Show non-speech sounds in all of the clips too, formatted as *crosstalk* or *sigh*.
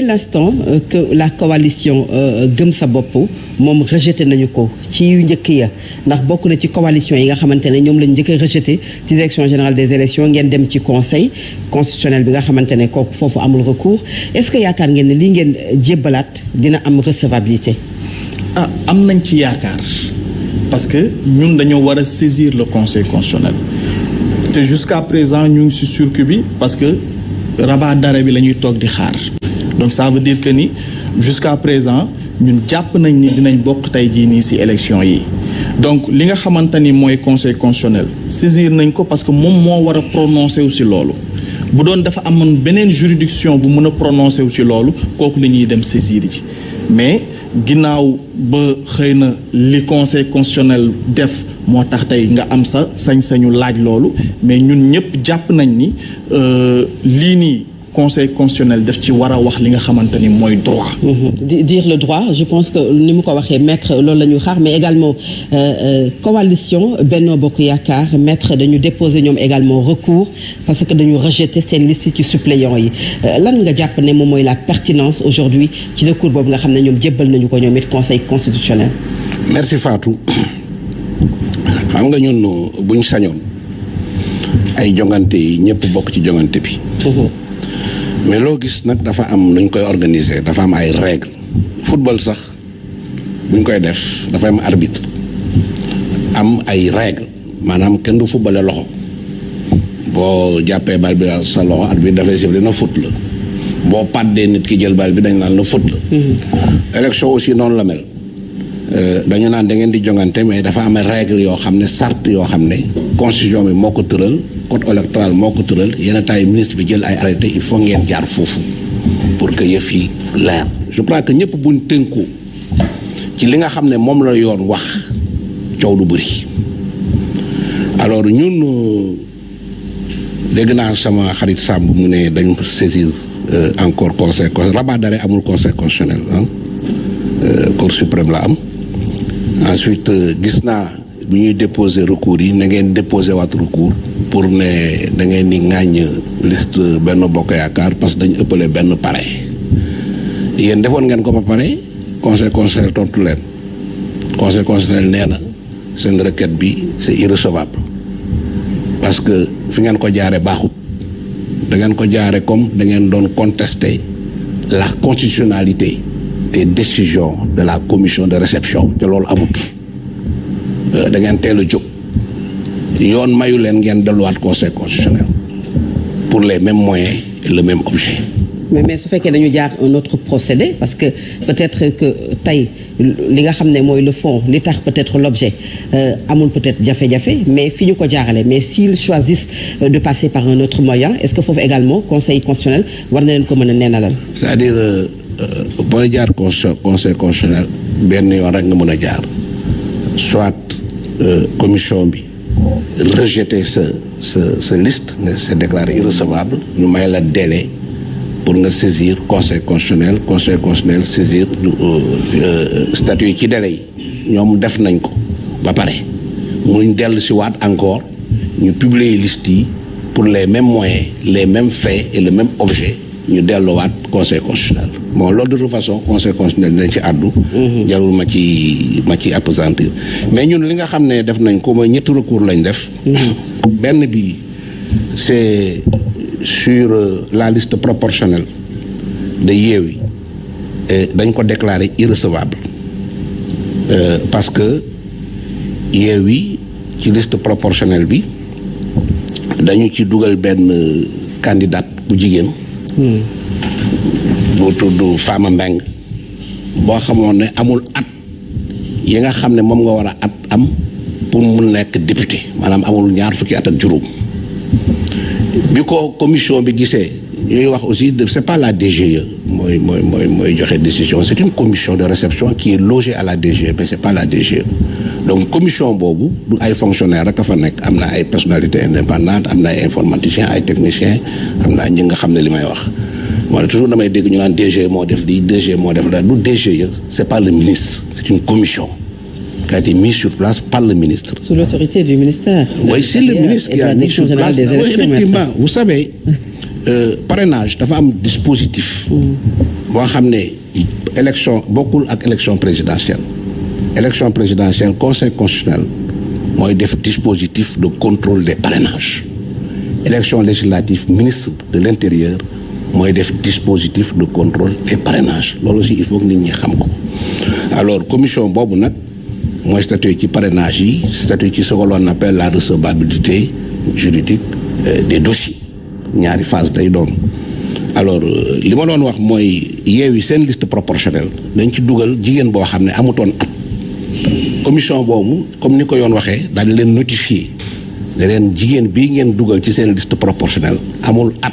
l'instant euh, que la coalition euh, gëm sa bop mom rejeté nañu ko ci yu njëkk ya ndax bokku na ci coalition yi nga xamantene ñom lañu njëkk rejeté direction générale des élections ngeen dem ci conseil constitutionnel bi nga xamantene ko fofu amul recours est-ce que yaakar ngeen li lii ngeen jébbalaat dina am recevabilité. ah am nañ ci yaakar parce que ñun dañu wara saisir le conseil constitutionnel jusqu'à présent ñu ngi sûr que bi parce que rabat d'arrêt bi la ñuy di xaar donc ça veut dire que ni jusqu'à présent ñun japp nañ ni dinañ bok tey ni nii si élection yi donc li nga xamante ni conseil constitutionnel saisir nañ ko parce que mon mot wara prononcer aussi lolu bu doon dafa amone benen juridiction bu mën prononcer aussi lolu si lañuy dem saisir ji mais ginnaaw ba xeyna li conseil constitutionnel def motax tay nga am sa sañ-sañu laaj mais ñun nañ ni euh, conseil constitutionnel wax li nga droit. Mhm. dire le droit je pense que ni mu maître mais également euh, euh, coalition Benno Bokk maître dañu déposer un également recours parce que nous rejeter sen liste ci suppléants yi lan nga la pertinence aujourd'hui ci conseil constitutionnel. merci Fatou. xam nga ñun buñ sañoon ay jongante yi ñëpp bokk ci jongante bi. mais loo gis nag dafa am nuñ koy organiser dafa am ay règles. football sax buñ koy def dafa am arbitre am ay règles maanaam kenn du footballé loxo boo jàppee bal bi sa loxo arbitre dafay siffler na foot la boo dee nit ki jël bal bi dañ naan na foot la. Hmm. élection aussi noonu la mel. dañu naan da ngeen di jongante mais dafa am règle yoo xam ne sart yoo xam ne constitution bi moo ko tëral code électoral moo ko tëral yenn taay ministre bi jël ay arrêté il faut ngeen jaar foofu pour que yëf yi leer je crois que ñëpp buñ tënku ci li nga xam ne moom la yoon wax coow lu bëri alors ñun dégg naa sama xarit bu mu nee dañu saisir euh, encore conseil rabat d'arrêt amul conseil constitutionnel ah cour suprême la am ensuite nah, gis naa bu ñuy déposer recours yi na ngeen déposer waat recours pour ne da ngeen di ŋàññ liste benn bokk yaakaar parce que dañu ëppale benn pare yéen defoon ngeen ko ba pare conseil conseil tontu leen conseil conseil nee na seen requête bi c' est irrecevable parce que fi ngeen ko jaare baaxut da ngeen ko jaare comme da ngeen doon contester la constitutionnalité des décisions de la commission de réception de l'OL amut euh, da ngeen teel a jóg yoon mayu leen ngeen delluwaat conseil constitutionnel pour les mêmes moyens et le même objet. mais mais fait qu'il y a un autre procédé parce que peut-être que les li nga le font l'État peut-être l'objet euh, amul peut-être jafe fait, mais fi ko mais s'ils choisissent euh, de passer par un autre moyen est-ce qu'il faut également conseil constitutionnel war na ko c'est-à-dire. Le euh, conseil constitutionnel benn yoon rek soit euh, commission bi rejeter ce liste ne c'est déclaré irrecevable nous may la délai pour nga saisir conseil constitutionnel conseil constitutionnel saisir euh, statut qui ci délai yi ñoom def nañ ko ba muñ encore ñu publier liste pour les mêmes moyens les mêmes faits et le même objet ñu delluwaat conseil constitutionnel bon loolu de toute façon conseil constitutionnel dinañ ci àddu mhm. jarul ma ci ma ci appesantir mais ñun li nga xam ne def nañ ko mooy ñetti recours lañ def mhm. benn bi c'est sur euh, la liste proportionnelle de Yewwi dañ ko déclarer irrecevable euh, parce que yi ci liste proportionnelle bi dañu ci dugal benn euh, candidate bu jigéen mhm. bu tudd Fama Mbeng boo xamoon ne amul at yi nga xam ne moom nga war a at am pour mu nekk député maanaam amul ñaar fukki at ak juróom bi ko commission bi gisee ñuy wax aussi de c'est pas la DGE mooy mooy mooy mooy joxe décision c'est une commission de réception qui est logée à la DGE mais c'est pas la DGE donc commission boobu du ay fonctionnaire rek a fa nekk am na ay personnalité indépendante am na ay informaticien ay technicien am na ñi nga xam ne li may wax moi toujours DG def pas le ministre c'est une commission qui a été mise sur place par le ministre. sous l'autorité du ministère. oui c'est le ministre qui a mis sur place effectivement vous savez *laughs* euh, parrainage dafa un dispositif. On va ramener élection beaucoup ak élection présidentielle. élection présidentielle conseil constitutionnel a def dispositif de contrôle des parrainages élection législative ministre de l'Intérieur moy def dispositif de contrôle et parrainage loolu aussi il faut que nit ñi xam ko alors commission bobu nak moy statut ci parrainage yi statut ci ce que l'on appelle la recevabilité juridique euh, des dossiers ñaari phase day doon alors euh, li ma doon wax mooy yeewi sen liste proportionnelle dañ ci duggal jigen bo xamne ne at commission bobu comme niko ko yoon d'aller leen notifier d'aller leen jigen bi ngeen duggal ci sen liste proportionnelle amul at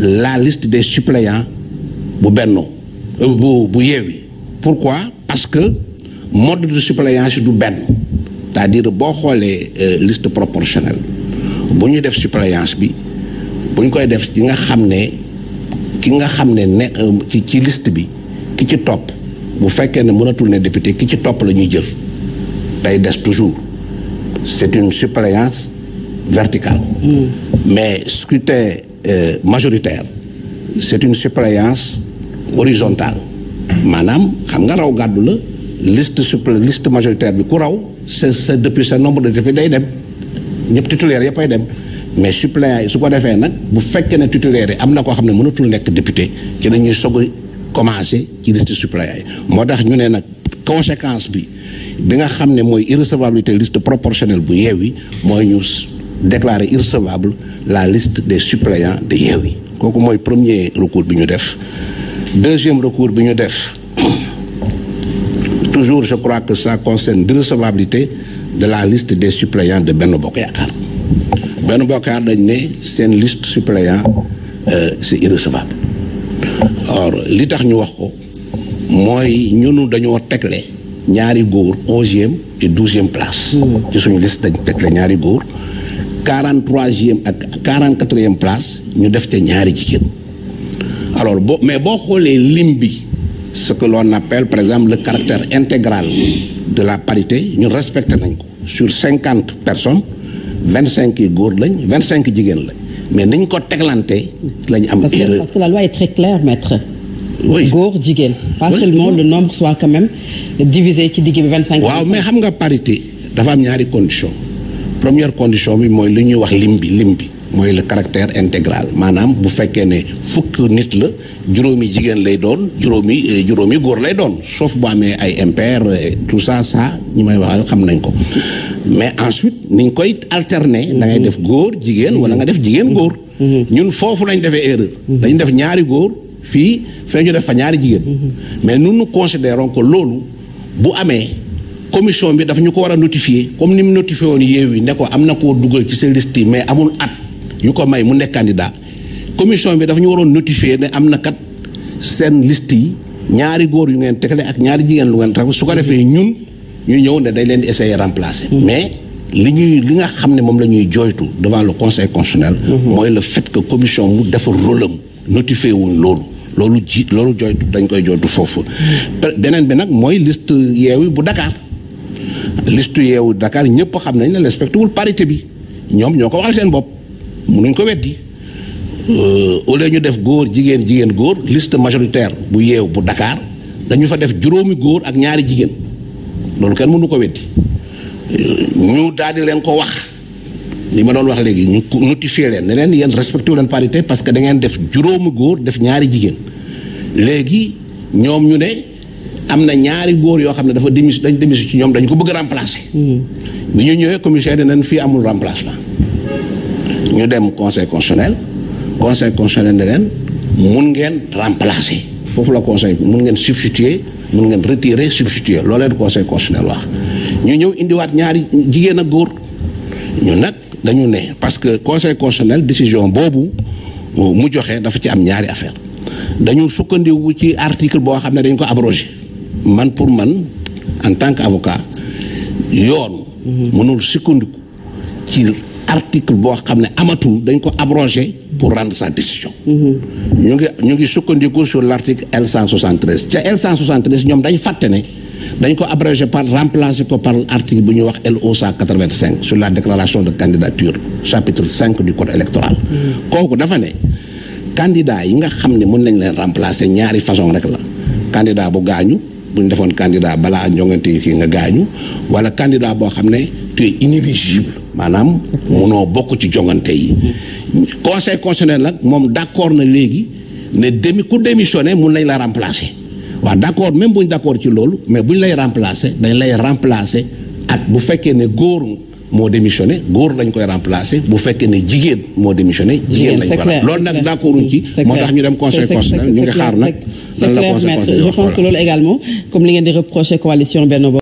la liste des suppléants bu Benno euh, bu bu oui. pourquoi parce que mode de suppléance du Ben, c'est-à-dire boo les euh, liste proportionnelle bu ñu def suppléance bi vous ñu koy def qui nga xamné ne ki nga ne ne euh, ci ci liste bi ki ci top bu fekké ne mënatul ne député ki ci top la jël day toujours c'est une suppléance verticale hmm. mais scrutin euh, majoritaire c'est une suppléance horizontale Madame, xam nga raw le liste supplé liste majoritaire du Kourao, c'est depuis ce nombre de députés day dem ñëpp titulaire yëppay dem mais suppléant ce qu'on ko fait nag bu fekkee ne titulaire yi à na koo xam ne de nekk député ci qu'ils ñuy commencer commencé ci liste suppléant Moi d'ailleurs, tax ñu conséquence bi bi nga xam moy irrecevabilité liste proportionnelle bu yeew oui, mooy déclarer irrecevable la liste des suppléants de Donc, c'est mon premier recours bi deuxième recours bi *coughs* toujours je crois que ça concerne l'irrecevabilité de la liste des suppléants de Benno Bokk Benno c'est une dañ liste suppléant euh, c'est irrecevable or li tax ñu wax nous mooy ñunu 11e ñaari 11e et 12e place hmm. ci une liste dañ tegle ñaari 43e 44e place nous devons être ñaari alors mais bo les limbi ce que l'on appelle par exemple le caractère intégral de la parité nous respectons sur 50 personnes 25 sont 25 mais nous ko teglantee lañ parce que la loi est très claire maître oui pas seulement le nombre soit quand même divisé qui dit 25 waaw mais xam parité nous am ñaari condition première condition bi mooy lu ñuy wax lim bi lim bi mooy le caractère intégral maanaam bu fekkee ne fukk nit la juróomi jigéen lay doon juróomi euh, juróomi góor lay doon sauf bu amee ay impair euh, tout ça ça ñu may waxal xam nañ ko mais ensuite niñ koy alterner da ngay def góor jigéen wala nga def jigéen góor ñun foofu lañ defee erreur dañu def ñaari góor fii fee ñu def fa ñaari jigéen mais nous nous considérons que loolu bu amee commission bi dafa ñu ko war a notifier comme ni mu notifié woon Yewwi ne ko am na koo dugal ci seen liste mais amul at yu ko may mu nekk candidat commission bi dafa ñu waroon notifier ne am na kat seen liste yi ñaari góor yu ngeen tegale ak ñaari jigéen lu ngeen tax su ko defee ñun ñu ñëw ne dañ leen di essayer remplacer. Mm-hmm. mais li ñuy li nga xam ne moom la ñuy jooytu devant le conseil constitutionnel. Mm-hmm. mooy la fait que commission mu dafa rôle am notifié wuñ loolu. loolu ji loolu jooytu dañ koy jooytu foofu. Mm-hmm. beneen bi nag mooy liste Yewwi bu Dakar. listu yeewu dakaar ñëpp xam nañ ne respecté wul parité bi ñoom ñoo ko waxal seen bopp mënuñ ko weddi euh, au lieu ñu def góor jigéen jigéen góor list majoritaire bu yeew bu dakaar dañu fa def juróomi góor ak ñaari jigéen loolu kenn mënu ko weddi euh, ñu daal leen ko wax li ma doon wax léegi ñu notifié leen ne leen yéen respecté wu leen parité parce que da ngeen def juróomi góor def ñaari jigéen léegi ñoom ñu ne am na ñaari góor yoo xam ne dafa démis dañ démis ci ñoom dañ ko bëgg remplacer. Hmm. bi ñu commissaire amul remplacement ñu dem conseil constitutionnel conseil constitutionnel ne leen mun ngeen remplacer foofu la conseil bi ngeen substituer mun ngeen retirer substituer loolee conseil constitutionnel wax ñu ñëw indiwaat ñaari jigéen ak góor ñu nag dañu ne parce que conseil constitutionnel décision boobu mu joxe dafa ci am ñaari affaire dañu sukkandiwu ci article bo xam dañ ko abrogé man pour man en tant qu'avocat yoon mhm. mënul sukkandiku ci article boo xam ne amatul dañ ko abrogé pour rendre sa décision mhm. ñu ngi ñu ngi sur l'article L 173 ca L 173 ñoom dañ fàtte ne dañ ko abrégé par remplacer ko par l'article bu ñuy wax LO 185 sur la déclaration de candidature chapitre 5 du code électoral mhm. kooku dafa ne candidat yi nga xam ne mën nañ leen remplacer ñaari façon rek la candidat bu gaañu bu ñu defoon candidat balaa njongante yi kii nga gaañu wala candidat boo xam ne tu es inéligible maanaam munoo bokk ci jongante yi conseil constitutionnel nag moom d'accord na léegi ne demi ku démissionné mun nañ la remplacer waaw d'accord même bu ñu d'accord ci loolu mais bu ñu lay remplacer dañ lay remplacer ak bu fekkee ne góor moo démissionné góor lañ koy remplacer bu fekkee ne jigéen moo démissionné jigéen lañ ko loolu nag d'accorduñ ci moo tax ñu dem conseil c'est clair maître je pense que loolu également comme des reproches à la coalition Benno